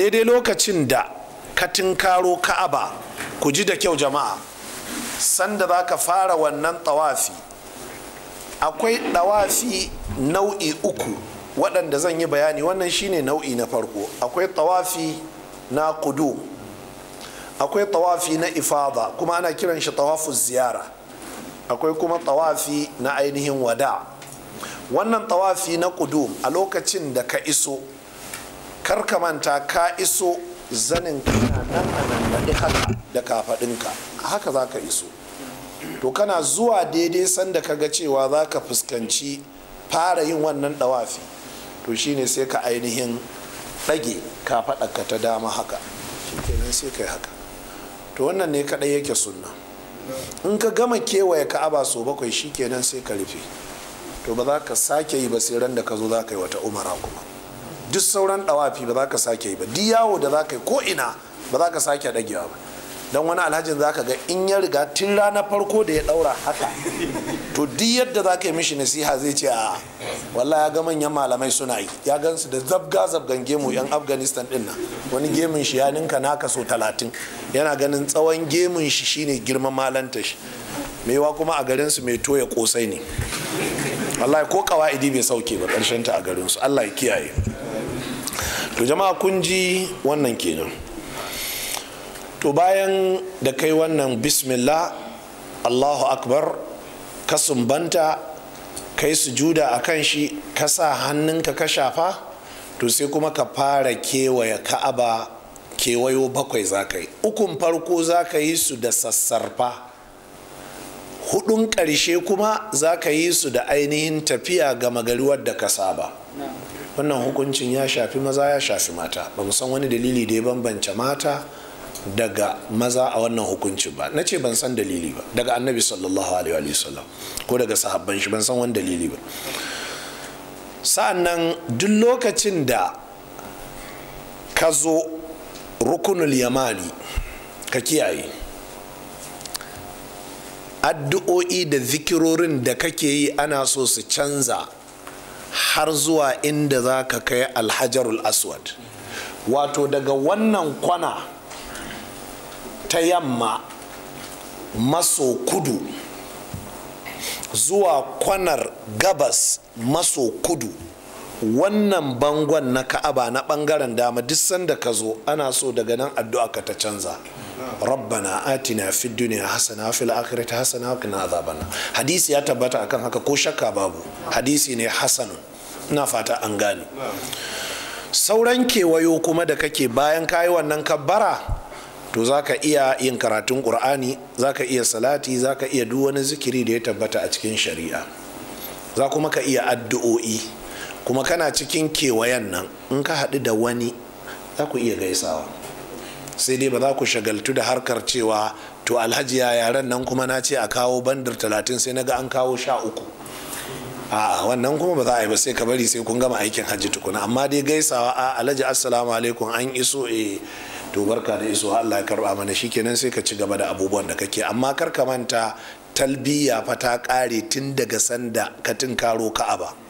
daidai lokacin da ka tinkaro ka'aba ku ji da kyau jama'a sanda za ka fara wannan tawafi akwai tawafi nau'i uku waɗanda zan yi bayani wannan shine nau'i na farko akwai tawafi na kudu akwai tawafi na ifada kuma ana kiran shi tawafu ziyara akwai kuma tawafi na ainihin wada wannan tawafi na kudu a lokacin da ka iso karka manta ka iso zanin kana nan a nan haka da kafaɗinka haka za ka iso to kana zuwa daidai sanda ka ga cewa za ka fuskanci fara yin wannan ɗawafi to shine sai ka ainihin ɗage kafaɗarka ta dama haka kenan sai ka yi haka to wannan ne kaɗai yake sunna in ka gama kewaye ka'aba so bakwai shi kenan sai ka rufe to ba za ka sake yi ba sai ran da ka zo za ka yi wata umara kuma duk sauran dawafi ba za ka sake yi ba duk yawo da za ka yi ko ina ba za ka sake dagewa ba don wani alhajin za ka ga in ya riga tun rana farko da ya daura haka to duk yadda za ka yi mishi nasiha zai ce a wallah ya ga manyan malamai suna yi ya gansu da zabga zabgan gemu yan afghanistan din nan wani gemun shi ya ninka naka so talatin yana ganin tsawon gemun shi shine girman malanta shi wa kuma a garin su mai toya kosai ne wallahi ko kawa'idi bai sauke ba karshen ta a garin su allah ya kiyaye to jama'a kun ji wannan kenan to bayan da kai wannan bismillah allahu akbar ka sumbanta kai sujuda a kan shi ka sa hannunka ka shafa to sai kuma ka fara kewaya ka'aba kewayo bakwai za ka ukun farko za ka yi su da sassarfa hudun ƙarshe kuma za ka yi su da ainihin tafiya ga magari wadda ka saba wannan hukuncin ya shafi maza ya shafi mata ba san wani dalili da ya bambance mata daga maza a wannan hukuncin ba na ce ban san dalili ba daga annabi sallallahu alaihi wa sallam ko daga sahabban shi ban san wani dalili ba sa'annan duk lokacin da ka zo rukunul yamani ka kiyaye addu'o'i da zikirorin da kake yi ana so su canza har zuwa inda za ka kai alhajarul aswad wato daga wannan kwana ta yamma maso kudu zuwa kwanar gabas maso kudu wannan bangon na ka'aba na bangaren dama duk sanda ka zo ana so daga nan addu'a ka ta canza rabbana atina fi dunya hasana fil akhirati hasana wa qina adhaban hadisi ya tabbata akan haka ko shakka babu hadisi ne hasan na fata an gane sauran kewayo kuma da kake bayan kayi wannan kabbara to za ka iya yin karatun ƙur'ani za ka iya salati za ka iya duk wani zikiri da ya tabbata a cikin shari'a za kuma ka iya addu'o'i kuma kana cikin kewayen nan in ka haɗu da wani za ku iya gaisawa sai dai ba za ku shagaltu da harkar cewa to alhaji ya yaren nan kuma na ce a kawo bandar talatin sai naga an kawo sha uku a wannan kuma ba za a yi ba sai ka bari sai kun gama aikin hajji tukuna amma dai gaisawa a alhaji assalamu alaikum an iso e to barka da iso Allah ya karba mana shi shikenan sai ka ci gaba da abubuwan da kake amma kar ka manta talbiya fa ta kare tun daga sanda ka tinkaro ka'aba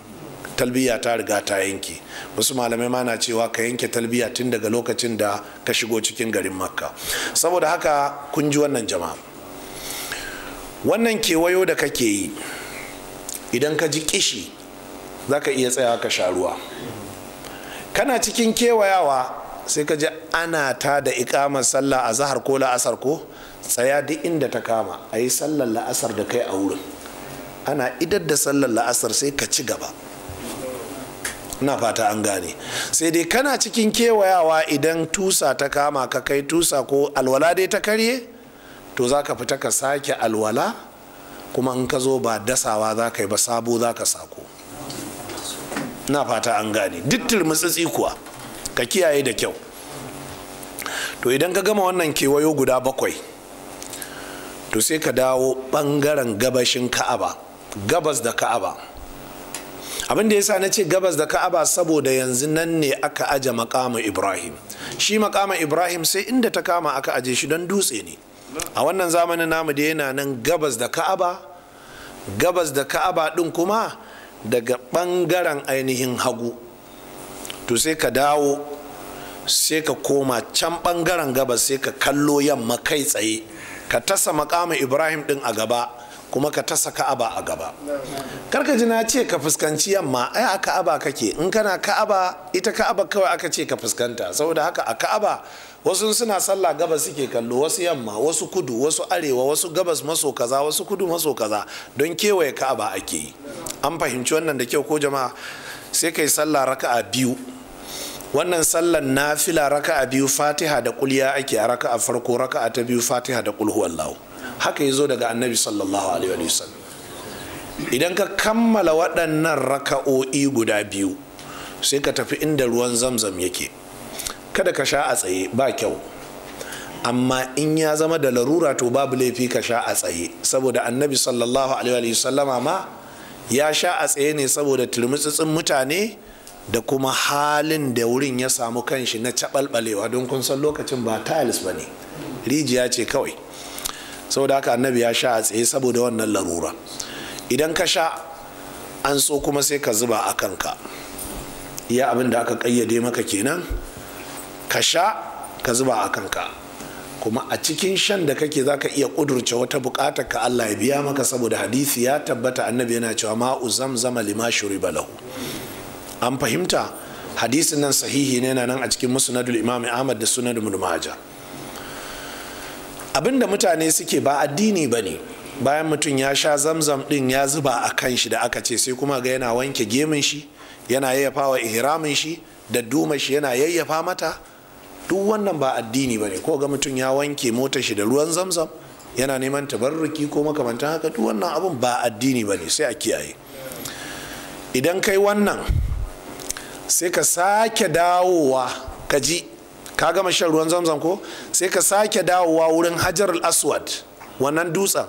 talbiya ta riga ta yanke wasu malamai ma na cewa ka yanke talbiya tun daga lokacin da ka shigo cikin garin makka saboda haka kun ji wannan jama'a wannan kewayo da kake yi idan ka ji kishi za ka iya tsayawa ka sha ruwa kana cikin kewayawa sai ka ji ana ta da ikamar sallah a zahar ko la'asar ko tsaya duk inda ta kama a yi sallar la'asar da kai a wurin ana idar da sallar la'asar sai ka ci gaba na fata an gane sai dai kana cikin kewayawa idan tusa ta kama ka kai tusa ko alwala dai ta karye to za ka fita ka sake alwala kuma in ka zo ba dasawa za ka yi ba sabo za ka sako na fata an gane dittir mutsitsi kuwa ka kiyaye da kyau to idan ka gama wannan kewayo guda bakwai to sai ka dawo bangaren gabashin ka'aba gabas da ka'aba abin da yasa na ce gabas da ka'aba saboda yanzu nan ne aka aje makamu ibrahim shi makamu ibrahim sai inda ta kama aka aje shi don dutse ne a wannan zamanin namu da yana nan gabas da ka'aba gabas da ka'aba din kuma daga bangaren ainihin hagu to sai ka dawo sai ka koma can bangaren gabas sai ka kallo yamma kai tsaye ka tasa makamu ibrahim din a gaba kuma ka tasa ka'aba a gaba karka ji na ce ka fuskanci yamma ai a ka'aba kake in kana ka'aba ita ka'aba kawai aka ce ka fuskanta saboda haka a ka'aba wasu suna sallah gabas suke kallo wasu yamma wasu kudu wasu arewa wasu gabas maso kaza wasu kudu maso kaza don kewaye ka'aba ake yi an fahimci wannan da kyau ko jama'a sai kai sallah raka'a biyu wannan sallan nafila raka'a biyu fatiha da kulya ake a raka'a farko raka'a ta biyu fatiha da kulhu wallahu haka ya zo daga annabi sallallahu alaihi wasallam idan ka kammala waɗannan raka'o'i guda biyu sai ka tafi inda ruwan zamzam yake kada ka sha a tsaye ba kyau amma in ya zama da larura to babu laifi ka sha a tsaye saboda annabi sallallahu alaihi sallama ma ya sha a tsaye ne saboda turmutsutsun mutane da kuma halin da wurin ya samu kanshi na caɓalɓalewa don kun san lokacin ba tiles ba ne rijiya ce kawai saboda haka annabi ya sha a tsaye saboda wannan larura idan ka sha an so kuma sai ka zuba a kanka iya abin da aka kayyade maka kenan ka sha ka zuba a kanka kuma a cikin shan da kake za ka iya kudurce wata bukata ka Allah ya biya maka saboda hadisi ya tabbata annabi yana cewa ma'u zamzama lima shuriba lahu an fahimta hadisin nan sahihi ne yana nan a cikin musnadul imam ahmad da sunan ibn majah Abin da mutane suke ba addini ba ne bayan mutum ya sha zamzam din ya zuba a kan shi da aka ce sai kuma ga yana wanke gemin shi yana yayyafa wa ihramin shi da duma shi yana yayyafa mata duk wannan ba addini ba ne ko ga mutum ya wanke mota shi da ruwan zamzam yana neman tabarruki ko makamantan haka duk wannan abun ba addini ba ne sai a kiyaye idan kai wannan sai ka sake dawowa ka ji ka gama shan ruwan zamzam ko sai ka sake dawowa wurin hajar aswad wannan dutsen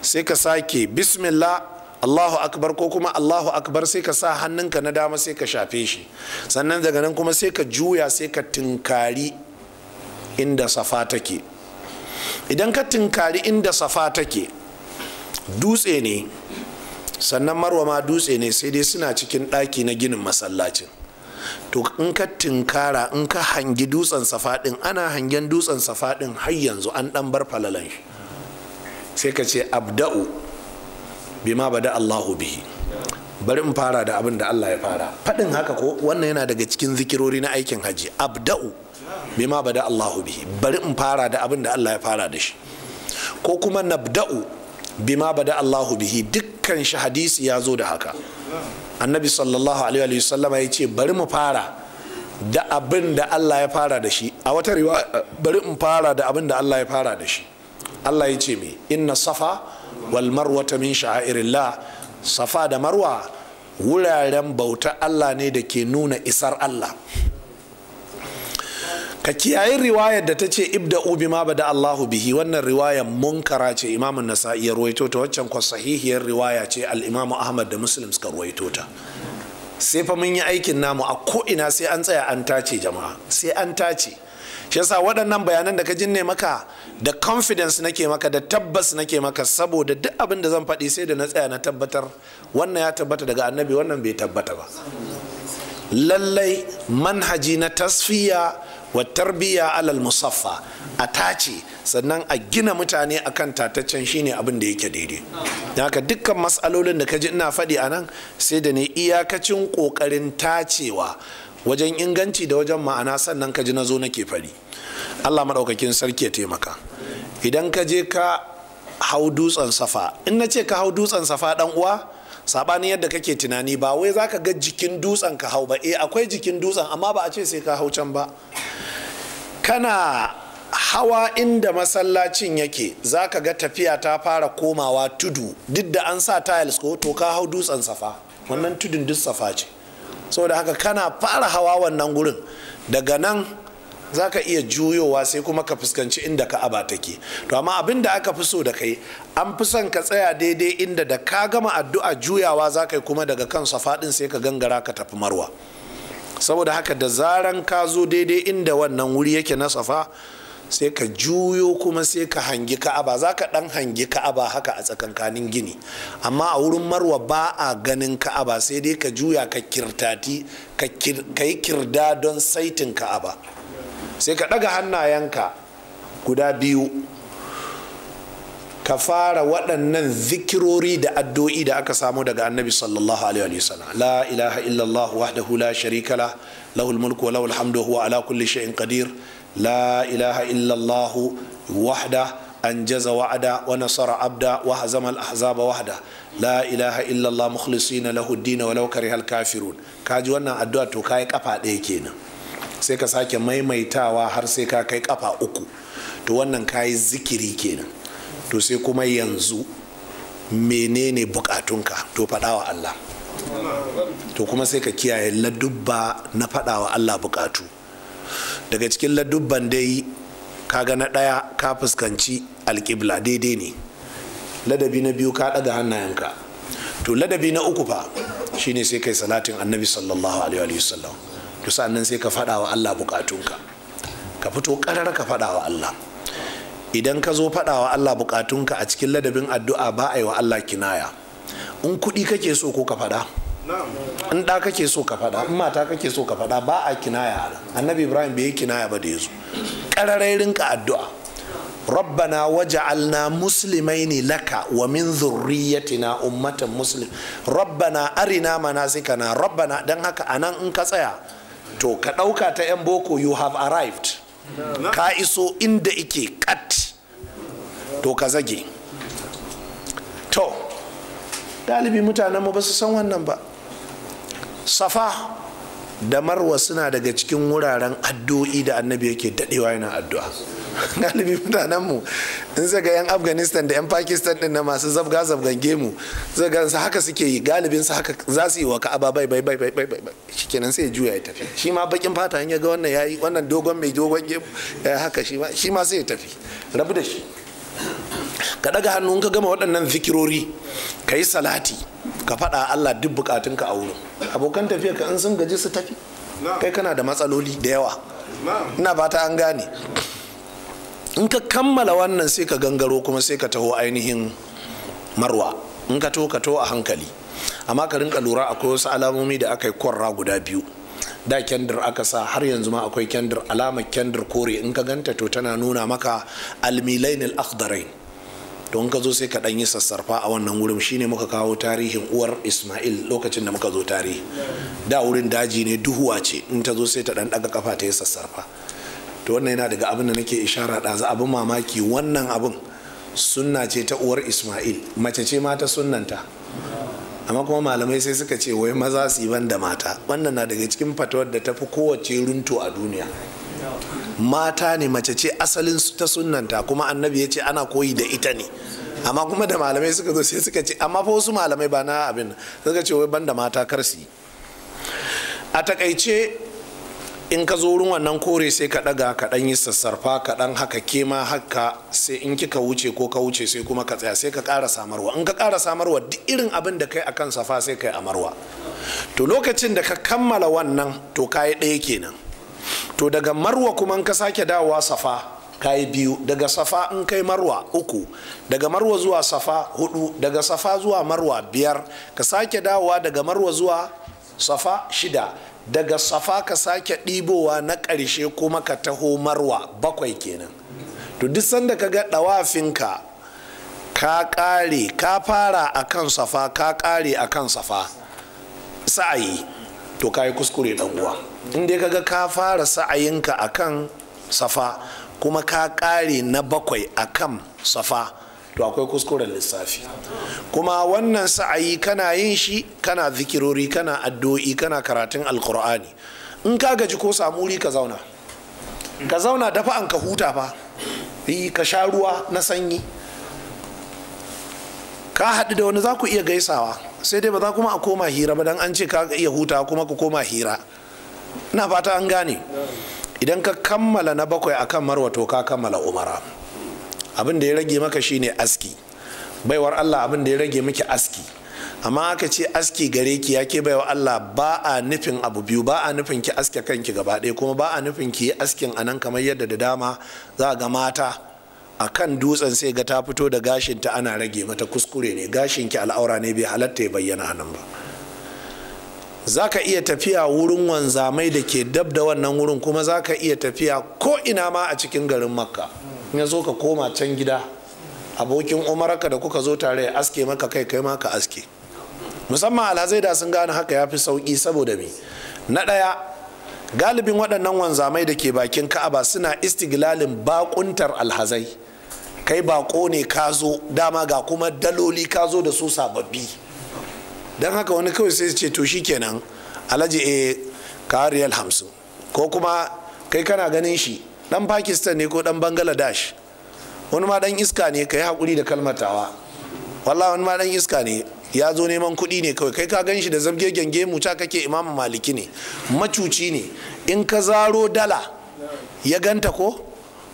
sai ka sake bismillah allahu akbar ko kuma allahu akbar sai ka sa hannunka na dama sai ka shafe shi sannan daga nan kuma sai ka juya sai ka tinkari inda safa take idan ka tinkari inda safa take dutse ne sannan marwa dutse ne sai dai suna cikin ɗaki na ginin masallacin to in ka tinkara in ka hangi dutsen safaɗin ana hangen dutsen safaɗin har yanzu an ɗan bar falalan shi sai ka ce abda'u bima bada Allahu bihi bari in fara da abin da Allah ya fara faɗin haka ko wannan yana daga cikin zikirori na aikin haji abda'u bima bada Allahu bihi bari in fara da abin da Allah ya fara da shi ko kuma nabda'u bima bada Allahu bihi dukkan shi hadisi ya zo da haka annabi sallallahu alaihi wasallama ya ce bari mu fara da abin da Allah ya fara da shi a wata riwa bari mu fara da abin da Allah ya fara da shi Allah ya ce me inna safa wal marwata min sha'airillah safa da marwa wuraren bauta Allah ne da ke nuna isar Allah ka kiyayi riwayar da ta ce ma ba da Allahu bihi wannan riwayar munkara ce imamun Nasa'i ya ruwaito ta waccan kwa sahihiyar riwaya ce Al'imamu Ahmad da Muslim suka ruwaito ta sai fa mun yi aikin namu a ko ina sai an tsaya an tace jama'a sai an tace shi yasa waɗannan bayanan da ka jinne maka da confidence nake maka da tabbas nake maka saboda duk abin da zan faɗi sai da na tsaya na tabbatar wannan ya tabbata daga annabi wannan bai tabbata ba lallai manhaji na tasfiya wa tarbiya alal musaffa a tace sannan a gina mutane a kan tataccen shine abin da yake daidai da haka dukkan matsalolin da ka ji ina faɗi a nan sai da ne iyakacin ƙoƙarin tacewa wajen inganci da wajen ma'ana sannan kaji na zo nake fari. allah maɗaukakin sarki ya taimaka idan ka je ka hau dutsen safa in na ce ka hau dutsen safa ɗan uwa sabanin yadda kake tunani ba wai zaka ga jikin dutsen ka hau ba eh akwai jikin dutsen amma ba a ce sai ka hau can ba kana hawa inda masallacin yake zaka ga tafiya ta fara komawa tudu duk da an sa tiles ko to ka hau dutsen safa wannan tudun duk safa ce saboda haka kana fara hawa wannan gurin daga nan za ka iya juyowa sai kuma ka fuskanci inda ka'aba take to amma abin da aka fi so da kai an fi son ka tsaya daidai inda da ka gama addu'a juyawa za ka yi kuma daga kan safaɗin sai ka gangara ka tafi marwa saboda haka da zaran ka zo daidai inda wannan wuri yake na safa sai ka juyo kuma sai ka hangi ka'aba za ka ɗan hangi ka'aba haka a tsakankanin gini amma a wurin marwa ba a ganin ka'aba sai dai ka juya ka kirtati ka yi kirda don saitin ka'aba sai ka ɗaga hannayenka guda biyu ka fara waɗannan zikirori da addu'o'i da aka samu daga annabi sallallahu alaihi wa sallam la ilaha illallah wahdahu la sharika la lahul mulku wa lahul hamdu huwa ala kulli shay'in qadir la ilaha illallah wahda أنجز وعدا ونصر عبدا وهزم الأحزاب وحدا لا إله إلا الله مخلصين له الدين ولو كره الكافرون كاجوانا أدواتو kafa أفا kenan. sai ka sake maimaitawa har sai ka kai kafa uku to wannan kayi zikiri kenan to sai kuma yanzu menene bukatunka to faɗawa Allah to kuma sai ka kiyaye ladubba na faɗawa Allah bukatu daga cikin ladubban dai ka ga na ɗaya ka fuskanci alƙibla daidai ne ladabi na biyu ka ɗaga hannayenka to ladabi na uku fa shine sai kai salatin annabi sallallahu alaihi wasallam to sannan sai ka fada wa Allah bukatunka ka fito karar ka faɗa wa Allah idan ka zo faɗa wa Allah bukatunka a cikin ladabin addu'a ba a yi wa Allah kinaya in kuɗi kake so ko ka fada in ɗa kake so ka faɗa in mata kake so ka faɗa ba a kinaya annabi ibrahim bai yi kinaya ba da rinka addu'a rabbana ka muslimaini laka wa min لك ummatan ذريتنا rabbana arina manasikana rabbana dan haka anan in ka tsaya. to ka ɗauka ta 'yan boko you have arrived ka iso inda ike kat to ka zage to ɗalibi mutanenmu ba su san wannan ba safa da marwa suna daga cikin wuraren addu'o'i da annabi yake daɗewa yana addu'a galibi mutanen mu in zai ga yan afghanistan da yan pakistan din na masu zabga zabgan gemu zai ga su haka suke yi galibin su haka za su yi wa ka'aba bai bai bai bai bai shikenan sai ya juya ya tafi shi ma bakin fata in ya ga wannan yayi wannan dogon mai dogon gemu ya haka shi ma shi ma sai ya tafi rabu da shi ka daga hannu ka gama waɗannan zikirori ka yi salati ka faɗa Allah duk ka a wurin abokan tafiya ka in sun gaji su tafi kai kana da matsaloli da yawa ina fata an gane in ka kammala wannan sai ka gangaro kuma sai ka taho ainihin marwa in ka to ka to a hankali amma ka rinka lura akwai wasu alamomi da aka yi kwarra guda biyu da kendir aka sa har yanzu ma akwai kendir alamar kendir kore in ka ganta to tana nuna maka almilain al-akhdarain in ka zo sai ka ɗan yi sassarfa a wannan wurin shine muka kawo tarihin uwar ismail lokacin da muka zo tarihi da wurin daji ne duhuwa ce in ta zo sai ta dan ƙafa kafa ta yi sassarfa to wannan yana daga abin da nake ishara ɗazu abin mamaki wannan abin sunna ce ta uwar ismail mace ce mata sunnanta amma kuma malamai sai suka ce wai maza su yi ban da mata wannan na daga cikin fatawar da ta fi kowace runto a duniya mata ne mace ce asalin ta sunnanta kuma annabi ya ce ana koyi da ita ne amma kuma da malamai suka zo sai suka ce amma fa wasu malamai ba na abin suka ce wai ban da mata kar su yi a takaice in ka zo wurin wannan kore sai ka ɗaga ka ɗan yi sassarfa ka ɗan haka kema haka sai in kika wuce ko ka wuce sai kuma ka tsaya sai ka ƙara samarwa in ka ƙara samarwa duk irin abin da kai akan safa sai kai amarwa to lokacin da ka kammala wannan to kayi ɗaya kenan to daga marwa kuma in ka sake dawowa safa kayi biyu daga safa in kai marwa uku daga marwa zuwa safa hudu daga safa zuwa marwa biyar ka sake dawowa daga marwa zuwa safa shida daga safa ka sake ɗibowa na ƙarshe kuma ka taho marwa bakwai kenan to duk sanda ka ga ɗawafinka ka ƙare ka fara a kan safa ka ƙare a kan safa sa'ayi to ka yi kuskure ɗan uwa in ka kaga ka fara sa'ayinka a kan safa kuma ka ƙare na bakwai a kan safa to akwai kuskuren lissafi kuma wannan sa'ayi kana yin shi kana zikirori kana addu'o'i kana karatun alkur'ani in ka gaji ko samu ka zauna ka zauna dafa an ka huta fa yi ka sha ruwa na sanyi ka haɗu da wani za ku iya gaisawa sai dai ba za kuma a koma hira ba dan an ce ka iya huta kuma ka koma hira na fata an gane idan ka kammala na bakwai akan marwa to ka kammala umara abin da ya rage maka shine aski baiwar Allah abin da ya rage miki aski amma aka ce aski gare ki ya ke baiwa Allah ba a nufin abu biyu ba a nufin ki aske kanki gaba ɗaya kuma ba a nufin ki yi askin anan kamar yadda da dama za ga mata a kan dutsen sai ga ta fito da gashin ta ana rage mata kuskure ne gashin ki al'aura ne bai halatta ya bayyana nan ba za ka iya tafiya wurin wanzamai da ke dab da wannan wurin kuma za ka iya tafiya ko ina ma a cikin garin makka in ya zo ka koma can gida abokin umaraka da kuka zo tare ya aske maka kai kai maka ka aske musamman alhazai da sun gane haka ya fi sauki saboda me na ɗaya galibin waɗannan wanzamai da ke bakin ka'aba suna istigilalin bakuntar alhazai kai bako ne ka zo dama ga kuma daloli ka zo da su sababbi don haka wani kawai sai ce to shikenan alhaji e eh, kariyar hamsin ko kuma kai kana ganin shi dan pakistan ne ko dan bangladesh wani ma dan iska ne ka yi haƙuri da kalmatawa wallah wani ma dan iska ne ya zo neman kuɗi ne kawai kai ka gan shi da zabge gyange mu ta kake imam maliki ne macuci ne in ka zaro dala ya ganta ko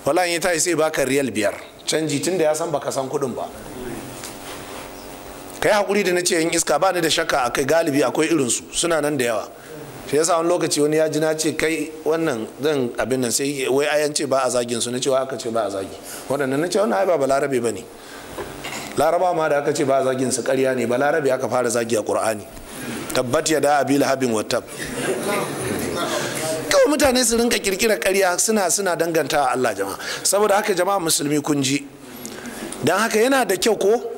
wala ya tashi sai baka riyal biyar canji tunda ya san baka san kuɗin ba kai hakuri da na ce yin iska ba ni da shakka akai galibi akwai irinsu suna nan da yawa shi yasa wani lokaci wani ya ji na ce kai wannan zan abin nan sai wai ayan ce ba a zagin su na cewa aka ce ba a zagi waɗannan na ce wannan ai ba balarabe ba ne laraba ma da aka ce ba a zagin su ƙarya ne balarabe aka fara zagi a Kur'ani tabbat ya da abi lahabin wattab kawai mutane su rinka kirkira karya suna suna danganta Allah jama'a saboda haka jama'a musulmi kun ji don haka yana da kyau ko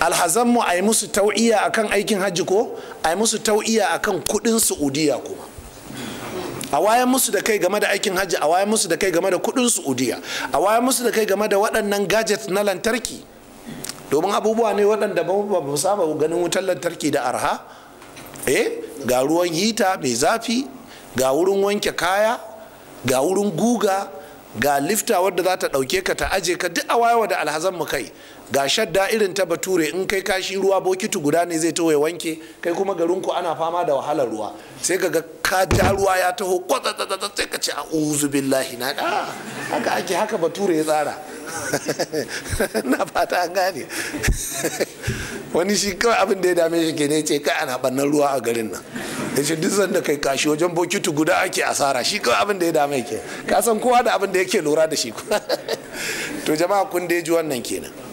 alhazanmu a yi musu tau'iya akan aikin hajji ko a yi musu tau'iya akan kudin saudiya kuma a wayan musu da kai game da aikin hajji a wayan musu da kai game da kudin saudiya a wayan musu da kai game da waɗannan gadget na lantarki domin abubuwa ne waɗanda ba mu saba ganin wutar lantarki da arha eh ga ruwan hita mai zafi ga wurin wanke kaya ga wurin guga ga lifta wadda za ta ɗauke ka ta aje ka duk a wayawa da alhazan mu kai ga shadda irin ta bature in kai kashi ruwa bokiti guda ne zai taho ya wanke kai kuma garinku ana fama da wahalar ruwa sai ka ga ka ja ruwa ya taho kwatsatsatsa sai ka ce a uzu billahi na ka ah, haka ake haka bature ya tsara na fata an gane wani shi kawai abin da ya dame shi kenan ce kai ana bannan ruwa a garin nan ya ce duk sanda kai kashi wajen bokiti guda ake asara shi kawai abin da ya dame ke ka san kowa da abin da yake lura da shi to jama'a kun da ji wannan kenan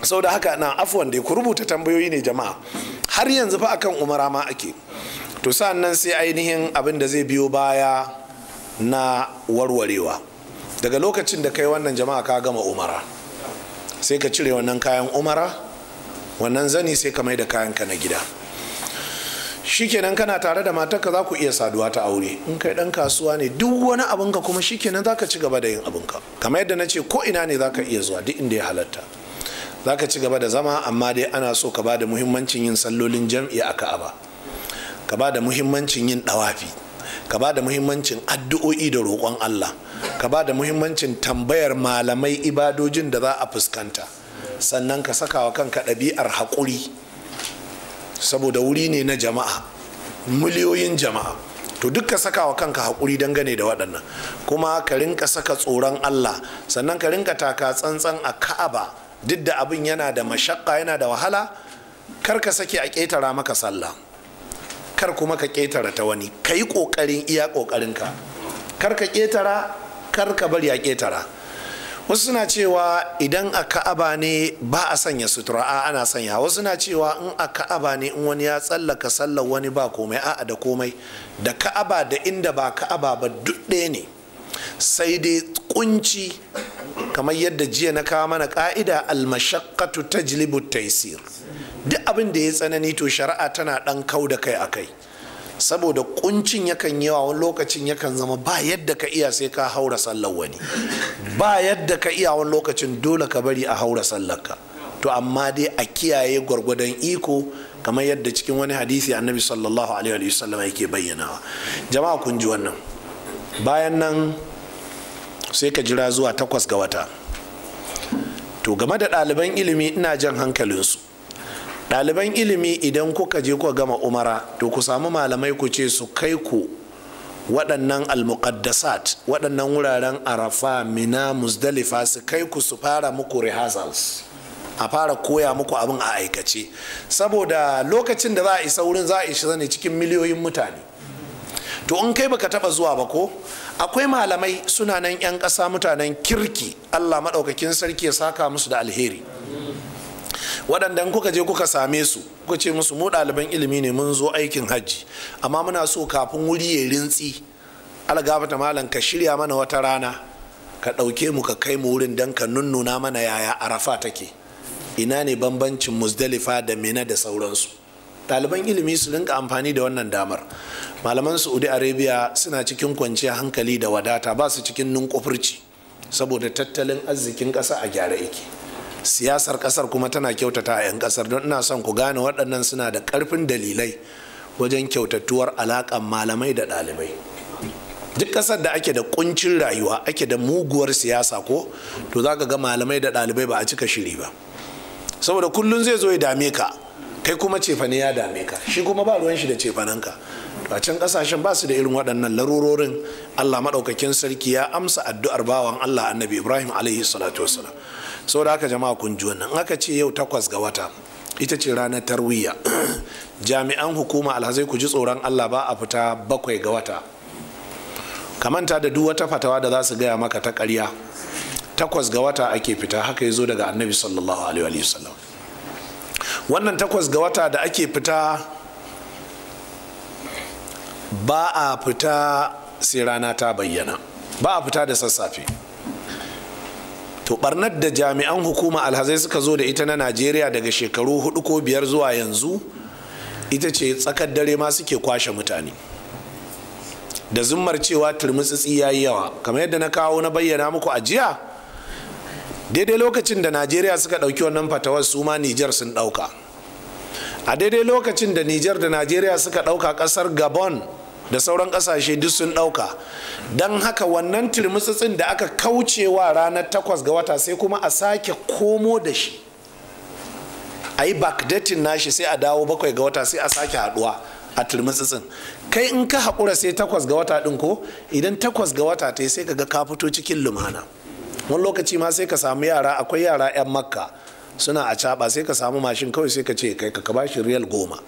sau da haka na afuwan da ku rubuta tambayoyi ne jama'a har yanzu fa akan umara ma ake to nan sai ainihin abin da zai biyo baya na warwarewa daga lokacin da kai wannan jama'a ka gama umara sai ka cire wannan kayan umara wannan zani sai ka mai da kayan ka na gida shikenan kana tare da matarka za ku iya saduwa ta aure in kai dan kasuwa ne duk wani abinka kuma shikenan za ka ci gaba da yin abinka kamar yadda na ce ko ina ne za ka iya zuwa duk inda ya halatta za ka ci gaba da zama amma dai ana so ka ba da muhimmancin yin sallolin jam'i a ka'aba ka ba da muhimmancin yin dawafi ka ba da muhimmancin addu'o'i da roƙon allah ka ba da muhimmancin tambayar malamai ibadojin da za a fuskanta sannan ka saka wa kanka ɗabi'ar haƙuri saboda wuri ne na jama'a miliyoyin jama'a to duk ka saka wa kanka haƙuri dangane da waɗannan kuma ka rinka saka tsoron allah sannan ka rinka taka tsantsan a ka'aba duk da abin yana da mashakka yana da wahala kar ka sake a ƙetara maka sallah kar kuma ka ƙetara ta wani ka yi ƙoƙarin iya ƙoƙarinka kar ka ƙetara kar ka bari a ƙetara wasu suna cewa idan a ka'aba ne ba a sanya sutura a ana sanya wasu suna cewa in a ka'aba ne in wani ya tsallaka sallar wani ba komai a'a da komai da ka'aba da inda ba ka'aba ba duk ɗaya ne sai dai kunci kamar yadda jiya na kawo mana ka'ida almashaqqatu tajlibu ta duk abin da ya tsanani to shari'a tana dan kau da kai akai saboda kuncin yakan yawa wani lokacin yakan zama ba yadda ka iya sai ka haura sallar wani ba yadda ka iya wani lokacin dole ka bari a haura ka to amma dai a kiyaye gwargwadon iko kamar yadda cikin wani hadisi annabi sallallahu alaihi wasallam yake bayyanawa jama'a kun ji wannan bayan nan sai ka jira zuwa takwas ga wata to game da ɗaliban ilimi ina jan hankalinsu ɗaliban ilimi idan kuka je kuka gama umara to ku samu malamai ku ce su kai ku waɗannan almuqaddasat waɗannan wuraren arafa mina muzdalifa su kai ku su fara muku rehearsals a fara koya muku abin a aikace saboda lokacin da za a isa wurin za a isa ne cikin miliyoyin mutane to in kai baka taba zuwa ba ko akwai malamai suna nan 'yan ƙasa mutanen kirki allah maɗaukakin sarki ya saka musu da alheri waɗanda kuka je kuka same su kuka ce musu mu ɗaliban ilimi ne mun zo aikin hajji amma muna so kafin wuri ya rintsi Al-Gabata, malam ka shirya mana wata rana ka ɗauke mu ka kai mu wurin don ka nunnuna mana yaya arafa take ina ne bambancin muzdalifa da mina da sauransu ɗaliban ilimi su rinka amfani da wannan damar malaman saudi arabia suna cikin kwanciyar hankali da wadata ba su cikin nunkufurci saboda tattalin arzikin ƙasa a gyara yake siyasar ƙasar kuma tana kyautata a 'yan ƙasar don ina son ku gane waɗannan suna da ƙarfin dalilai wajen kyautattuwar alaƙar malamai da ɗalibai duk ƙasar da ake da ƙuncin rayuwa ake da muguwar siyasa ko to za ga malamai da ɗalibai ba a cika shiri ba saboda kullum zai zo ya dame ka kai kuma cefane ya dame ka shi kuma ba ruwan shi da cefanenka a can kasashen ba su da irin waɗannan larurorin allah maɗaukakin sarki ya amsa addu'ar bawan allah annabi ibrahim alaihi salatu wasalam sau da aka jama'a kun ji aka ce yau takwas ga wata ita ce ranar tarwiya jami'an hukuma alhazai ku ji tsoron allah ba a fita bakwai ga wata kamanta da duk wata fatawa da za su gaya maka ta ƙarya takwas ga wata ake fita haka ya zo daga annabi sallallahu alaihi wasallam wannan takwas ga wata da ake fita ba a fita sai rana ta bayyana ba a fita da sassafe to barnar da jami'an hukuma alhazai suka zo da ita na najeriya daga shekaru hudu ko biyar zuwa yanzu ita ce tsakar dare ma suke kwashe mutane da zummar cewa turmutsitsi ya yi yawa kamar yadda na kawo na bayyana muku a jiya daidai lokacin da najeriya suka ɗauki wannan fatawar su ma nijar sun ɗauka a daidai lokacin da nijar da najeriya suka ɗauka kasar gabon da sauran ƙasashe duk sun ɗauka don haka wannan turmutsutsin da aka kaucewa ranar takwas ga wata sai kuma a sake komo da shi a yi bakdatin nashi sai a dawo bakwai ga wata sai a sake haɗuwa a turmutsutsin kai in ka haƙura sai takwas ga wata ɗin ko idan takwas ga wata ta sai ka ga ka fito cikin lumana. wani lokaci ma sai ka samu yara akwai yara 'yan makka suna a caba sai ka samu mashin kawai sai ka ce kai ka ba shi riyal goma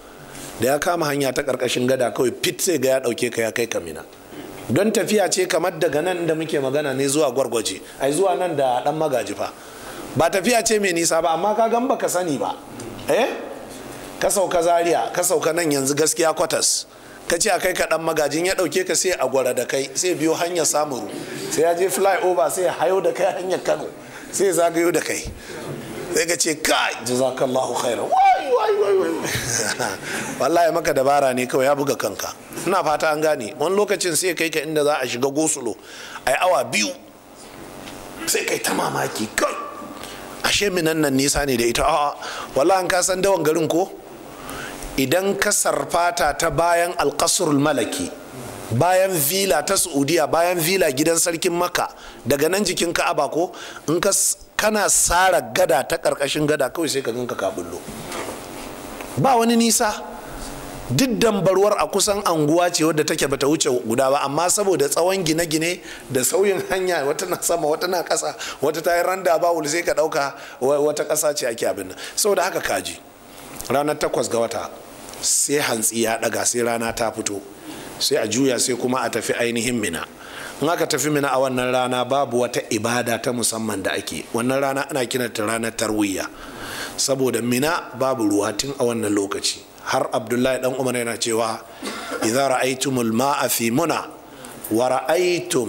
da ya kama hanya ta karkashin gada kawai fit sai ga ya ɗauke ka ya kai kamina don tafiya ce kamar daga nan da muke magana ne zuwa gwargwaje ai zuwa nan da dan magaji fa ba tafiya ce mai nisa ba amma ka gan baka sani ba eh ka sauka zaria ka sauka nan yanzu gaskiya kwatas ka ce a kai ka dan magajin ya dauke ka sai a gwara da kai sai biyo hanyar samuru sai ya je fly over sai hayo da kai hanyar kano sai zagayo da kai sai ka ce kai jazakallahu khairan wai wai wai wai wallahi maka dabara ne kawai ya buga kanka ina fata an gane wani lokacin sai kai ka inda za a shiga gosulo a yi awa biyu sai kai ta mamaki kai ashe minan nan nisa ne da ita a'a wallahi an ka san dawan garin ko idan ka sarfata ta bayan alkasurul malaki bayan vila ta saudiya bayan vila gidan sarkin maka daga nan jikin ka ko in ka kana sara gada ta karkashin gada kawai sai ka ganka kabullo ba wani nisa duk dambarwar a kusan anguwa ce wadda take bata wuce guda ba amma saboda tsawon gine-gine da sauyin hanya wata na sama wata na ƙasa wata ta yi randa ba wuli sai ka ɗauka wata ƙasa ce ake abin nan saboda haka kaji ranar takwas ga wata sai hantsi ya daga sai rana ta fito sai a juya sai kuma a tafi ainihin mina in aka tafi mina a wannan rana babu wata ibada ta musamman da ake wannan rana ana kiranta ranar tarwiyya saboda mina babu ruwa tun a wannan lokaci har abdullahi dan umar yana cewa idza ra'aytumul ma'a fi muna wa ra'aytum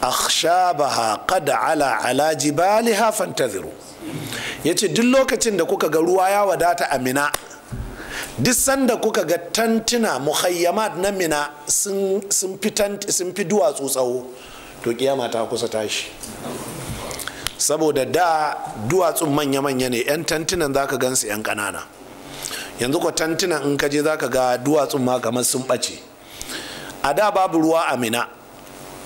akhshabaha qad ala ala jibaliha fantaziru yace duk lokacin da kuka ga ruwa ya wadata a mina duk sanda kuka ga tantuna muhayyamat na mina sun fi duwatsu tsawo to kiyama ta kusa tashi saboda da duwatsun manya-manya ne 'yan tantunan za ka gansu 'yan ƙanana yanzu ko tantuna in ka je za ka ga duwatsun ma kamar sun ɓace a da babu ruwa a mina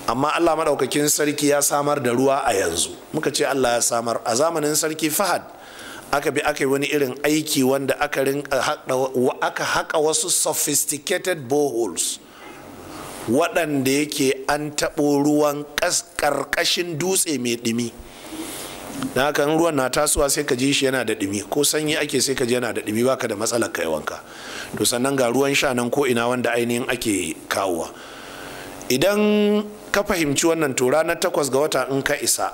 amma allah maɗaukakin sarki ya samar da ruwa a yanzu muka ce allah ya samar a zamanin sarki fahad aka bi aka yi wani irin aiki wanda aka haka wasu sophisticated boreholes waɗanda yake an taɓo ruwan ƙarƙashin dutse mai ɗimi na kan ruwan na tasowa sai ka ji shi yana da ɗimi ko sanyi ake sai ka ji yana da ɗumi baka da matsalar kai wanka to sannan ga ruwan sha nan ko ina wanda ainihin ake kawowa idan ka fahimci wannan to ranar takwas ga wata in ka isa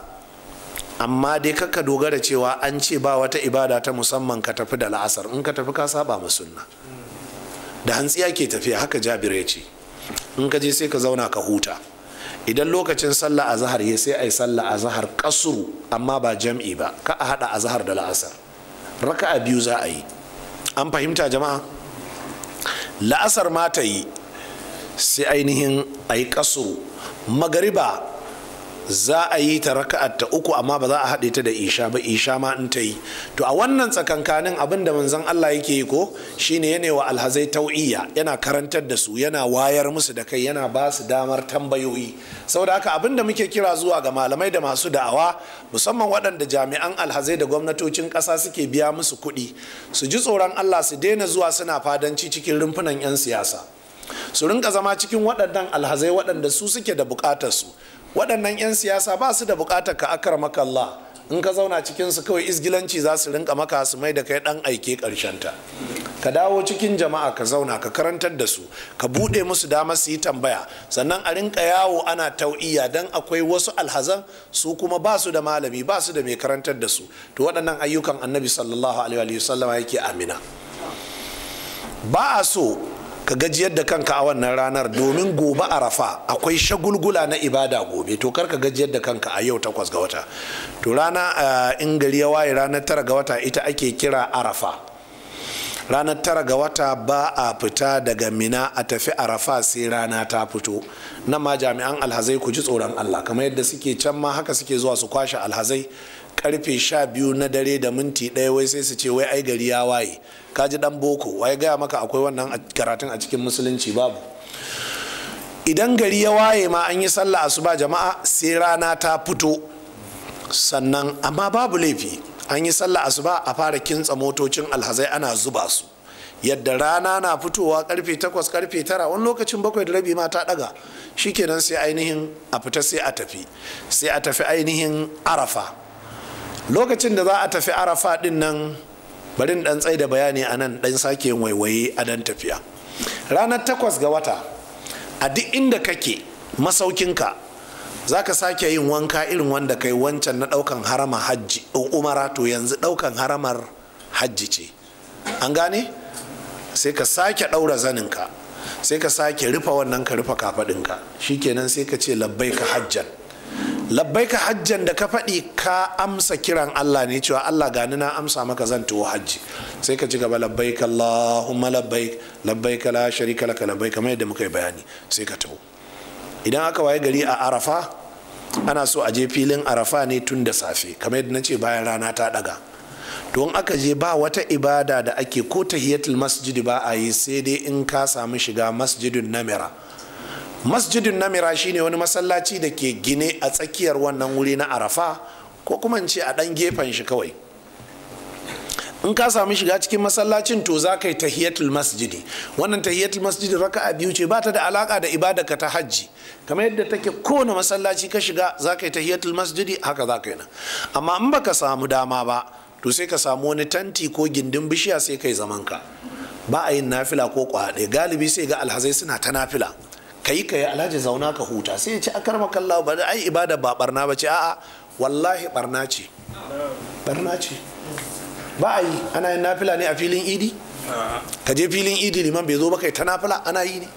amma dai kakka dogara cewa an ce ba wata ibada ta musamman ka tafi da la'asar in ka tafi ka saba ma sunna da hantsi ke tafiya haka jabir ya ce in ka je sai ka zauna ka huta idan lokacin sallah azhar ya sai ai sallah azhar kasuru amma ba jam'i ba ka a hada azhar da la'asar raka'a biyu za a yi an fahimta jama'a la'asar ma ta yi sai ainihin a yi kasuru magariba za a yi ta raka'at ta uku amma ba za a haɗe ta da isha ba isha ma in ta yi to a wannan tsakankanin abin da manzon Allah yake yi ko shine yana wa alhazai tau'iyya yana karantar da su yana wayar musu da kai yana ba su damar tambayoyi saboda haka abin da muke kira zuwa ga malamai da masu da'awa musamman waɗanda jami'an alhazai da gwamnatocin ƙasa suke biya musu kuɗi su ji tsoron Allah su daina zuwa suna fadanci cikin rumfunan 'yan siyasa su rinka zama cikin waɗannan alhazai waɗanda su suke da buƙatar su waɗannan 'yan siyasa ba su da buƙatar ka akar maka Allah in ka zauna cikinsu kawai izgilanci za su rinka maka su mai da kai ɗan aike ta. ka dawo cikin jama'a ka zauna ka karantar da su ka buɗe musu dama su yi tambaya sannan a rinka yawo ana tau'iya don akwai wasu alhazan su kuma ba su da malami ba su da mai karantar da su to waɗannan ayyukan annabi sallallahu alaihi wa sallama yake amina ba a so ka gajiyar da kanka a wannan ranar domin gobe a rafa akwai shagulgula na ibada gobe to kar ka gajiyar da kanka a yau takwas ga wata to rana eh, in gari ya waye ranar tara ga wata ita ake kira arafa ranar tara ga wata ba a fita daga mina a tafi rafa sai rana ta fito nan ma jami'an alhazai ku ji tsoron allah kamar yadda suke can ma haka suke zuwa su kwashe alhazai karfe sha biyu na dare da minti ɗaya wai sai su ce wai ai gari ya waye ka ji dan boko wai gaya maka akwai wannan karatun a cikin musulunci babu idan gari ya waye ma an yi sallah asuba jama'a sai rana ta fito sannan amma babu laifi an yi sallah asuba a fara kintsa motocin alhazai ana zuba su yadda rana na fitowa karfe takwas karfe tara wani lokacin bakwai da rabi ma ta daga shikenan sai ainihin a fita sai a tafi sai a tafi ainihin arafa lokacin da za a tafi arafa din nan barin dan tsaye da bayani a nan dan sake waiwaye a dan tafiya ranar takwas ga wata a duk inda kake masaukinka za ka sake yin wanka irin wanda kai wancan na daukan harama hajji umara to yanzu daukan haramar hajji ce an gane sai ka sake daura ka sai ka sake rufe wannan ka rufa kafadinka kenan sai ka ce labbai ka hajjan ka hajjan da ka faɗi ka amsa kiran Allah ne cewa Allah gani na amsa maka zan tuwo hajji sai ka ci gaba ka Allahumma labbai ka la sharika laka labbai kamar yadda muka yi bayani sai ka tuwo idan aka waye gari a Arafa ana so a je filin Arafa ne tun da safe kamar yadda na ce bayan rana ta daga to aka je ba wata ibada da ake ko tahiyatul masjidi ba a yi sai dai in ka samu shiga masjidun namira masjidin namira shine wani masallaci da ke gine a tsakiyar wannan wuri na arafa ko kuma in ce a ɗan gefen shi kawai in ka sami shiga cikin masallacin to za ka yi tahiyatul masjidi wannan tahiyatul masjidi raka'a biyu ce ba ta da alaka da ibada ka ta hajji kamar yadda take kowane masallaci ka shiga za ka yi tahiyatul masjidi haka za ka yi nan amma in baka samu dama ba to sai ka samu wani tanti ko gindin bishiya sai kai zaman ka ba a yin nafila ko kwaɗe galibi sai ga alhazai suna ta nafila kai kai alhaji zauna ka huta sai ya ci a karma kalla ba ai ibada ba barna ba ce a'a wallahi barna ce barna ce ba a yi ana yin nafila ne a filin idi ka je filin idi liman bai zo ba kai ta nafila ana yi ne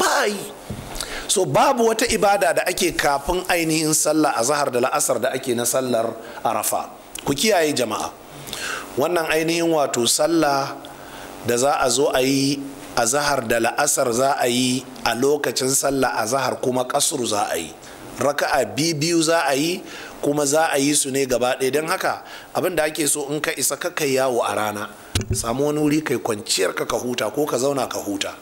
ba a yi so babu wata ibada da ake kafin ainihin sallah a zahar da la'asar da ake na sallar arafa ku kiyaye jama'a wannan ainihin wato sallah da za a zo a yi azahar da la'asar za a yi a lokacin sallah azahar kuma kasur za a yi raka'a biyu za a yi kuma za a yi su ne gaba ɗaya don haka abin da ake so in ka isa ka kai yawo a rana samu wani wuri kai kwanciyar ka ka huta ko ka zauna ka huta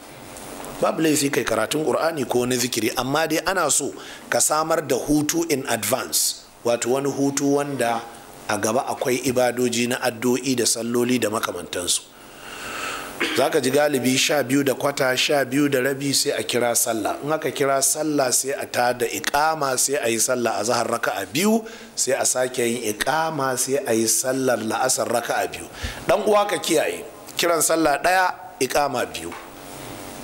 babu laifi kai karatun qur'ani ko na zikiri amma dai ana so ka samar da hutu in advance wato wani hutu wanda a gaba akwai ibadoji na addu'o'i da salloli da makamantansu za ka ji galibi sha biyu da kwata sha biyu da rabi sai a kira sallah in aka kira sallah sai a ta da ikama sai a yi sallah a zahar raka a biyu sai a sake yin ikama sai a yi sallar la'asar raka a biyu dan uwa ka kiyaye kiran sallah ɗaya ikama biyu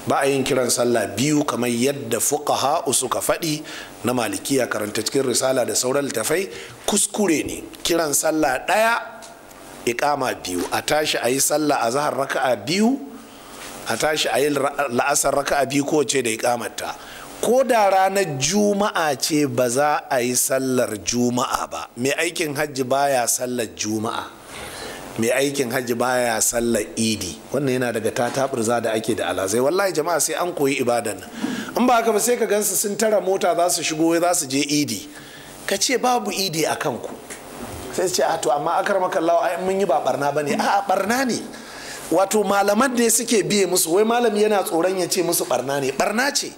ba a yin kiran sallah biyu kamar yadda fuqaha suka faɗi na malikiya karanta cikin risala da sauran littafai kuskure ne kiran sallah ɗaya ikama biyu a tashi a yi sallah a zahar raka'a biyu a tashi a yi la'asar raka'a biyu kowace da ikamata ko da ranar juma'a ce ba za a yi sallar juma'a ba mai aikin hajji baya sallar juma'a mai aikin hajji baya sallar idi wannan yana daga ta za da ake da alazai wallahi jama'a sai an koyi ibadan in ba haka ba sai ka gansu sun tara mota za su shigo za su je idi ka ce babu idi a kanku sai ce a ah, to amma akar makallawa ai mun yi ba barna bane a barna ne wato malaman da suke biye musu wai malami yana tsoron ya ce musu barna ne barna ce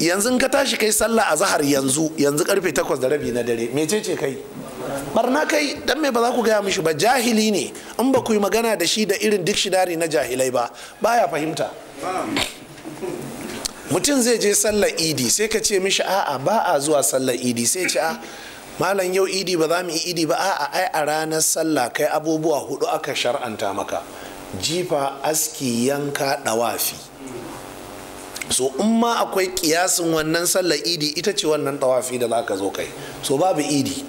yanzu ka tashi kai sallah a zahar yanzu yanzu karfe takwas da rabi na dare mece ce kai barna kai dan me ba za ku gaya mishi ba jahili ne in ba ku yi magana da shi da irin dictionary na jahilai ba baya fahimta mutum zai je sallar idi sai ka ce mishi a'a ba a zuwa sallar idi sai ce a ah, malam yau idi ba za mu yi idi ba a'a ai a ranar sallah kai abubuwa hudu aka shar'anta maka jifa aski yanka dawafi so in ma akwai kiyasin wannan sallar idi ita ce wannan dawafi da za ka zo kai so babu idi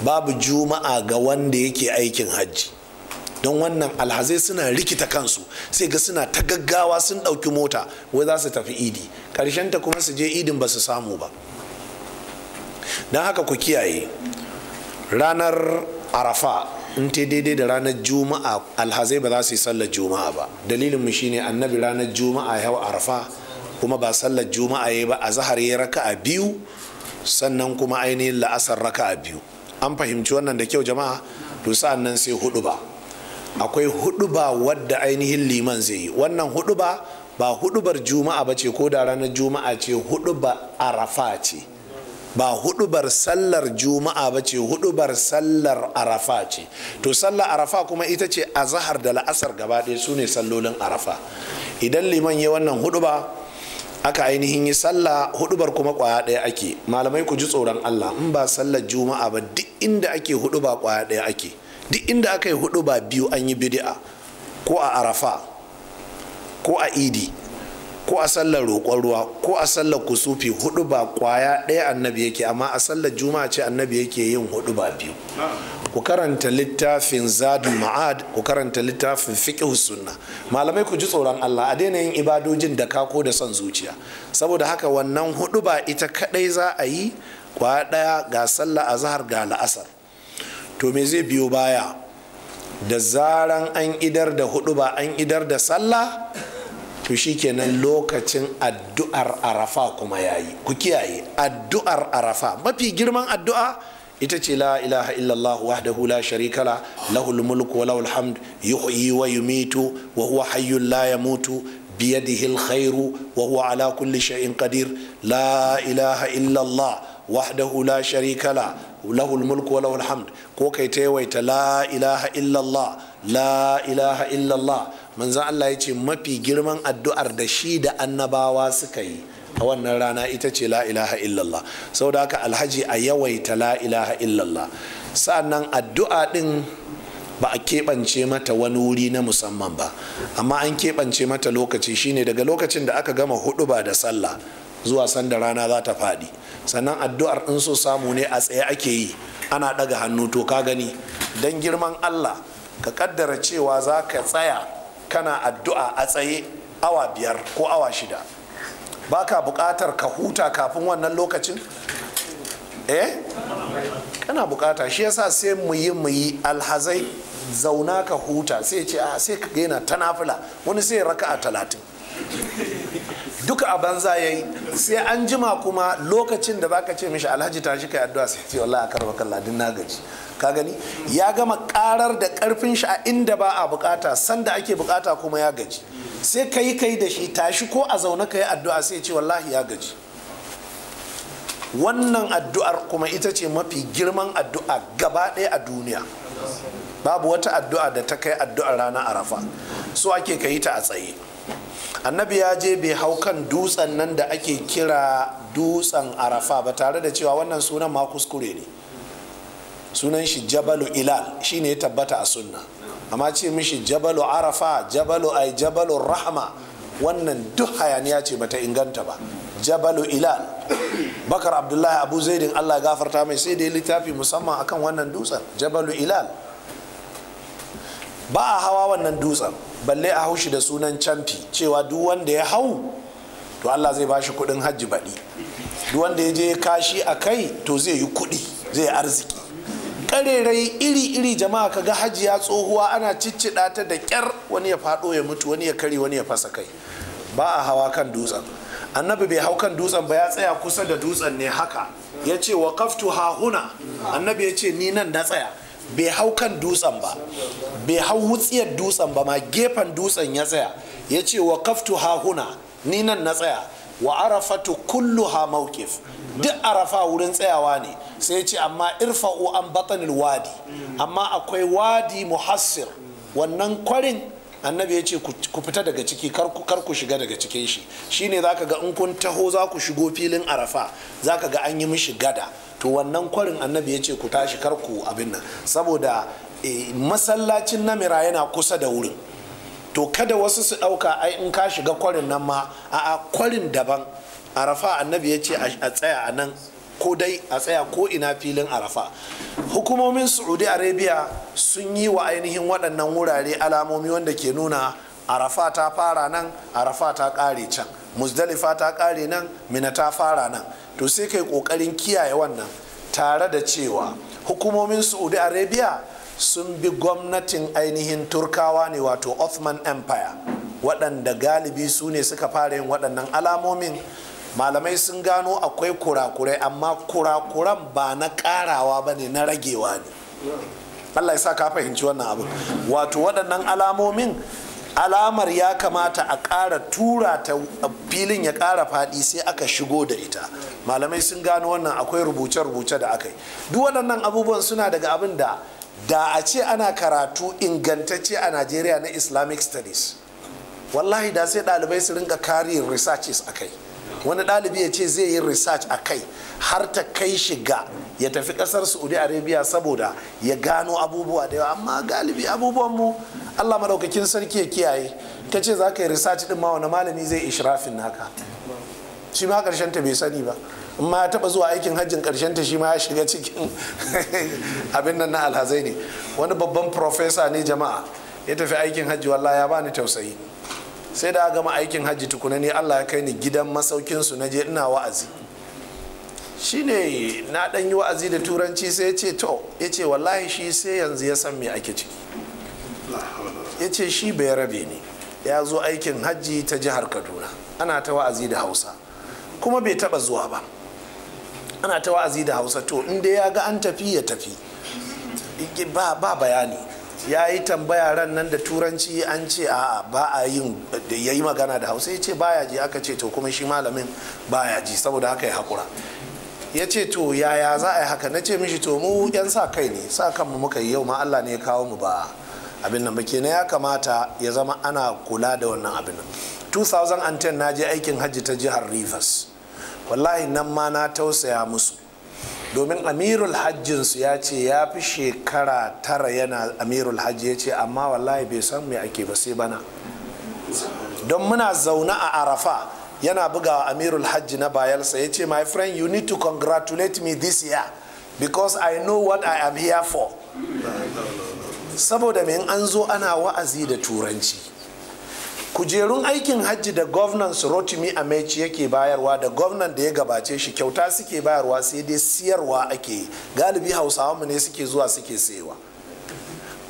babu juma'a ga wanda yake aikin hajji don wannan alhazai suna rikita kansu sai ga suna ta gaggawa sun ɗauki mota wai za su tafi idi ta kuma su je idin ba su samu ba don haka ku kiyaye ranar arafa in ta daidai da ranar juma'a alhazai ba za su yi sallar juma'a ba dalilinmu shine annabi ranar juma'a yau arafa kuma ba sallar juma'a ya ba a zahar ya a biyu sannan kuma ainihin la'asar raka a biyu an fahimci wannan da kyau jama'a to sa'an nan sai hudu ba akwai huɗuba wadda ainihin liman zai yi wannan huɗuba ba hudubar juma'a ba ce ko da ranar juma'a ce huɗuba arafa ce ba hudubar sallar juma'a ba ce hudubar sallar arafa ce to sallar arafa kuma ita ce a zahar da la'asar gaba ɗaya su ne sallolin arafa idan liman ya wannan huduba aka ainihin yi sallah hudubar kuma kwaya ɗaya ake malamai ku ji tsoron allah in ba sallar juma'a ba duk inda ake huduba kwaya ɗaya ake duk inda aka yi huduba biyu an yi bidi'a ko a arafa ko a idi ko a sallar roƙon ruwa ko a sallar kusufi hudu ba kwaya ɗaya annabi yake amma a sallar juma'a ce annabi yake yin hudu ba biyu ku karanta littafin zadu ma'ad ku karanta littafin fiqh sunna malamai ku ji tsoron Allah a daina yin ibadojin da kako da son zuciya saboda haka wannan hudu ba ita kadai za a yi kwaya ɗaya ga sallar azhar ga la'asar to me zai biyo baya da zaran an idar da hudu ba an idar da sallah to kenan lokacin addu'ar arafa kuma yayi ku kiyaye addu'ar arafa mafi girman addu'a ita ce la ilaha illallah wahdahu la sharika la lahul mulku wa lahul hamd yuhyi wa yumitu wa huwa hayyul mutu yamutu biyadihi alkhair wa huwa ala kulli shay'in qadir la ilaha illallah wahdahu la sharika la lahul mulku wa lahul hamd ko kai taywaita la ilaha illallah la ilaha illallah manzan Allah ya ce mafi girman addu'ar da shi da annabawa suka yi a wannan rana ita ce la ilaha illallah saboda haka alhaji a yawaita la ilaha illallah sa'annan addu'a din ba a keɓance mata wani wuri na musamman ba amma an keɓance mata lokaci shine daga lokacin da aka gama hudu ba da sallah zuwa sanda rana za ta faɗi sannan addu'ar in so samu ne a tsaye ake yi ana ɗaga hannu to ka gani don girman allah ka ƙaddara cewa za ka tsaya kana addu'a a tsaye awa biyar ko awa shida ba ka buƙatar ka huta kafin wannan lokacin eh kana buƙata shi yasa sai mu yi mu yi alhazai zauna ka huta sai ce a ah, sai ka gaina ta nafila wani sai raka a talatin duka a banza yayi sai an jima kuma lokacin da baka ce mishi alhaji ta shi kai addu'a sai ce wallahi karba baka ladin na gaji ka gani ya gama karar da karfin shi a inda ba a bukata sanda ake bukata kuma ya gaji sai kai kai da shi tashi ko a zaune kai addu'a sai ce wallahi ya gaji wannan addu'ar kuma ita ce mafi girman addu'a gaba ɗaya a duniya babu wata addu'a da ta kai addu'ar ranar arafa so ake ka yi ta a tsaye annabi ya je bai hau kan dutsen nan da ake kira dutsen arafa ba tare da cewa wannan sunan ma kuskure ne sunan shi jabalu ilal shine ya tabbata a sunna amma ce mishi jabalu arafa jabalu ai jabalu rahma wannan duk hayaniya ce bata inganta ba jabalu ilal bakar abdullahi abu zaidin allah gafarta mai sai da ya littafi musamman akan wannan dutsen jabalu ilal ba a hawa wannan dutsen balle a haushi da sunan canfi. cewa duk wanda ya hau to allah zai bashi kudin hajji baɗi duk wanda ya je kashi a kai to zai yi kudi zai arziki karerai iri-iri jama'a ka kaga hajiya tsohuwa ana ciccida ta da kyar wani ya faɗo ya mutu wani ya kari wani ya fasa kai ba a hawa kan dutsen annabi bai hau kan dutsen ba ya tsaya kusa da dutsen ne haka ya ce wa kaftu hahuna annabi ya ce ni nan na tsaya bai hau kan dutsen ba bai hau wutsiyar dutsen ba ma gefen dutsen ya tsaya ya ce wa kaftu ha huna ni nan na tsaya wa arafatu kullu ha maukif duk arafa wurin tsayawa ne sai ya ce amma irfa'u an batanil wadi amma akwai wadi muhassir wannan kwarin annabi ya ce ku fita daga ciki kar ku shiga daga cikin shi shine zaka ga in kun taho za ku shigo filin arafa zaka ga an yi mishi gada to wannan kwarin annabi ya ce ku tashi karku ku abin nan saboda eh, masallacin namira yana kusa da wurin to kada wasu su ɗauka ai in ka shiga kwarin nan ma a kwarin daban arafa annabi ya ce a tsaya a nan ko dai a tsaya ko ina filin arafa hukumomin saudi arabia sun yi wa ainihin waɗannan wurare alamomi wanda ke nuna arafa ta fara nan arafa ta ƙare can muzdalifa ta kare nan mina ta fara nan to sai kai kokarin kiyaye wannan tare da cewa hukumomin saudi arabia sun bi gwamnatin ainihin turkawa ne wato othman empire waɗanda galibi su ne suka fara yin waɗannan alamomin malamai sun gano akwai kurakurai amma kurakuran ba na karawa ba ne na ragewa ne allah ya sa ka fahimci wannan abu wato waɗannan alamomin alamar ya kamata a ƙara tura ta filin ya ƙara faɗi sai aka shigo da ita malamai sun gano wannan akwai rubuce-rubuce da aka yi duk waɗannan abubuwan suna daga abin da da a ce ana karatu ingantacce a najeriya na islamic studies wallahi da sai ɗalibai su rinka carrying researches akai wani ɗalibi ya ce zai yi research a kai har ta kai shiga ya tafi ƙasar saudi arabia saboda ya gano abubuwa da yawa amma galibi abubuwan mu, allah maɗaukakin sarki ya kiyaye ka ce za ka yi research ɗin ma wani malami zai ishrafin naka shi ma ƙarshen ta bai sani ba ma ya taɓa zuwa aikin hajjin ƙarshen ta shi ma ya shiga cikin abin nan na alhazai ne wani babban profesa ne jama'a ya tafi aikin hajji wallahi ya bani tausayi sai da gama aikin hajji tukuna ne allah ya kai ni gidan masaukin su na je ina wa'azi shine na dan yi wa'azi da turanci sai ya ce to ya ce wallahi shi sai yanzu ya san me ake ciki ya ce shi bai rabe ne ya zo aikin hajji ta jihar kaduna ana ta wa'azi da hausa kuma bai taba zuwa ba ana ta wa'azi da hausa to inda ya ga an tafi ya tafi ba bayani ya yi tambaya ran nan da turanci an ce a ba a yin da ya yi magana da hausa ya ce baya ji aka ce to kuma shi malamin baya ji saboda haka ya haƙura ya ce to yaya za a yi haka na ce mishi to mu yan sa kai ne sa kanmu muka yi yau ma allah ne ya kawo mu ba abin nan ba kenan ya kamata ya zama ana kula da wannan abin nan 2010 na je aikin hajji ta jihar rivers wallahi nan ma na tausaya musu domin amirul hajjinsu ya ce ya fi shekara tara yana amirul hajji ya ce amma wallahi bai san mai ake ba sai bana don muna zaune a arafa yana buga amirul hajji na bayansa ya ce my friend you need to congratulate me this year because i know what i am here for saboda min an zo ana wa'azi da turanci kujerun aikin hajji da gwamnan rotimi amechi yake bayarwa da gwamnan da ya gabace shi kyauta suke bayarwa sai dai siyarwa ake galibi hausawa mu ne suke zuwa suke sayewa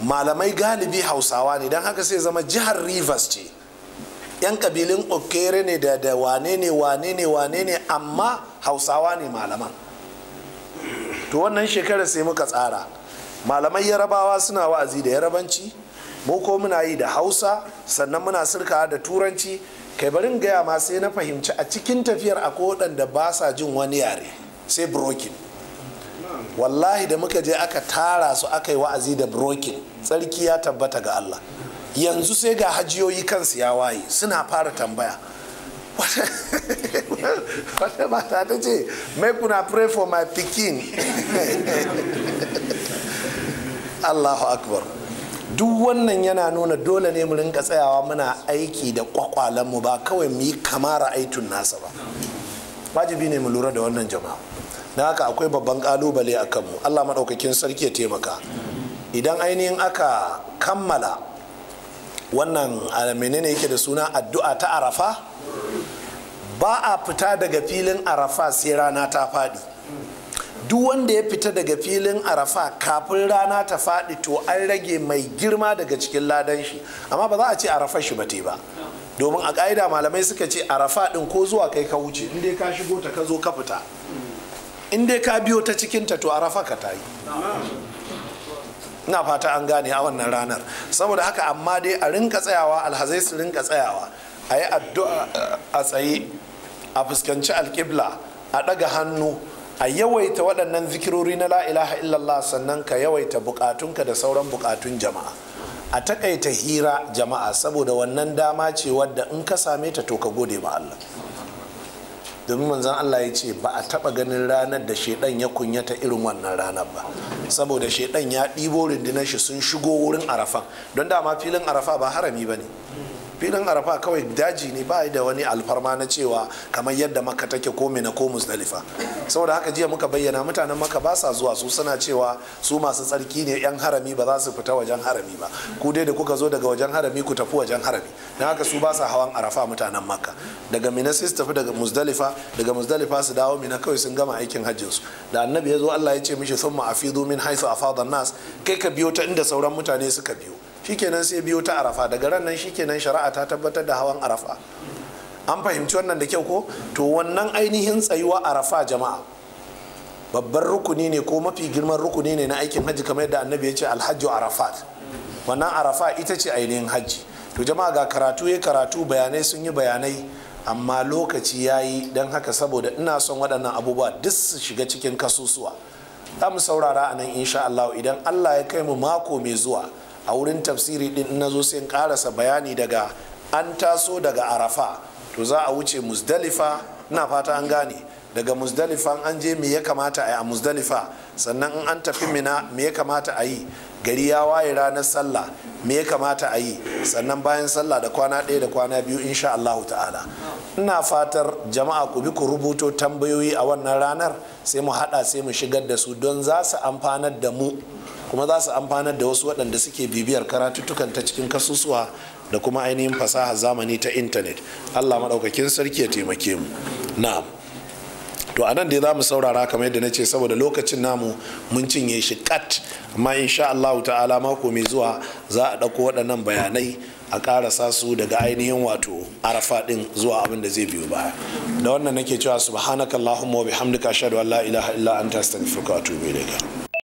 malamai galibi hausawa ne don haka sai zama jihar rivers ce yan kabilin okere ne da da wane ne wane ne wane ne amma hausawa ne malaman to wannan shekarar sai muka tsara malamai yarabawa suna wa'azi da yarabanci boko muna yi da hausa sannan muna sirka da turanci kai barin gaya ma sai na fahimci a cikin tafiyar a akwai da ba sa jin wani yare sai brokin wallahi da muka je aka tara su aka yi wa'azi da brokin tsarki ya tabbata ga allah yanzu sai ga hajiyoyi kansu ya waye suna fara tambaya wata mata ta ce make una pray for my pikin allahu akbar duk wannan yana nuna dole ne mu rinka tsayawa muna aiki da kwakwalenmu ba kawai mu yi kamara aitun nasa ba wajibi ne mu lura da wannan jama'a na haka akwai babban kalubale a kanmu allah maɗaukakin sarki ya taimaka idan ainihin aka kammala wannan menene yake da suna addu'a ta arafa ba a fita daga filin arafa sai rana ta faɗi duk wanda ya fita daga filin arafa kafin rana ta faɗi to an rage mai girma daga cikin ladan shi amma ba za a ce arafa shi ba ba domin a ƙa'ida malamai suka ce arafa ɗin ko zuwa kai ka wuce in ka shigo ta ka zo ka fita in ka biyo ta cikin ta to arafa ka ta yi ina fata an gane a wannan ranar saboda haka amma dai a rinka tsayawa alhazai su rinka tsayawa a yi addu'a a tsaye a fuskanci alƙibla a ɗaga hannu a yawaita waɗannan zikirori na la'ilaha illallah sannan ka yawaita bukatunka da sauran bukatun jama'a a takaita hira jama'a saboda wannan dama ce wadda in ka same ta to ka gode ma Allah domin manzan Allah ya ce ba a taba ganin ranar da shaidan ya kunyata irin wannan ranar ba saboda shaidan ya ɗibo rundunar shi sun shigo wurin arafa don dama filin arafa ba harami ba ne filin arafa kawai daji ne ba da wani alfarma na cewa kamar yadda maka take ko na ko musdalifa saboda haka jiya muka bayyana mutanen maka ba sa zuwa su suna cewa su masu tsarki ne yan harami ba za su fita wajen harami ba ku dai da kuka zo daga wajen harami ku tafi wajen harami na haka su ba sa hawan arafa mutanen maka daga mina sai su tafi daga musdalifa daga musdalifa su dawo mina kawai sun gama aikin hajjin su da annabi ya zo Allah ya ce mishi thumma afidu min a afada nas kai ka biyo ta inda sauran mutane suka biyo shikenan sai biyo ta arafa daga ran nan shikenan shari'a ta tabbatar da hawan arafa an fahimci wannan da kyau ko to wannan ainihin tsayuwa arafa jama'a babban rukuni ne ko mafi girman rukuni ne na aikin hajji kamar yadda annabi ya ce alhaji arafat wannan arafa ita ce ainihin hajji to jama'a ga karatu ya karatu bayanai sun yi bayanai amma lokaci ya yi don haka saboda ina son waɗannan abubuwa duk su shiga cikin kasusuwa za mu saurara a nan insha Allah idan Allah ya kai mu mako mai zuwa a wurin tafsiri din na zo sai karasa bayani daga an taso daga arafa to za a wuce musdalifa na fata an gane daga musdalifa an je me ya kamata a yi a musdalifa sannan in an tafi mina me ya kamata a yi gari ya waye ranar sallah me ya kamata a yi sannan bayan sallah da kwana ɗaya da kwana biyu insha Allah ta'ala ina fatar jama'a ku bi ku rubuto tambayoyi a wannan ranar sai mu haɗa sai mu shigar da su don za su amfanar da mu kuma za su amfanar da wasu waɗanda suke bibiyar karatuttukan ta cikin kasusuwa da kuma ainihin fasaha zamani ta intanet allah maɗaukakin sarki ya taimake mu na'am to anan dai za mu saurara kamar yadda na ce saboda lokacin namu mun cinye shi kat amma insha allahu ta'ala mako mai zuwa za a ɗauko waɗannan bayanai a ƙarasa su daga ainihin wato arafa ɗin zuwa abin da zai biyu baya da wannan nake cewa subhanakallahumma wa bihamdika ashhadu an la ilaha illa anta astaghfiruka wa atubu ilayka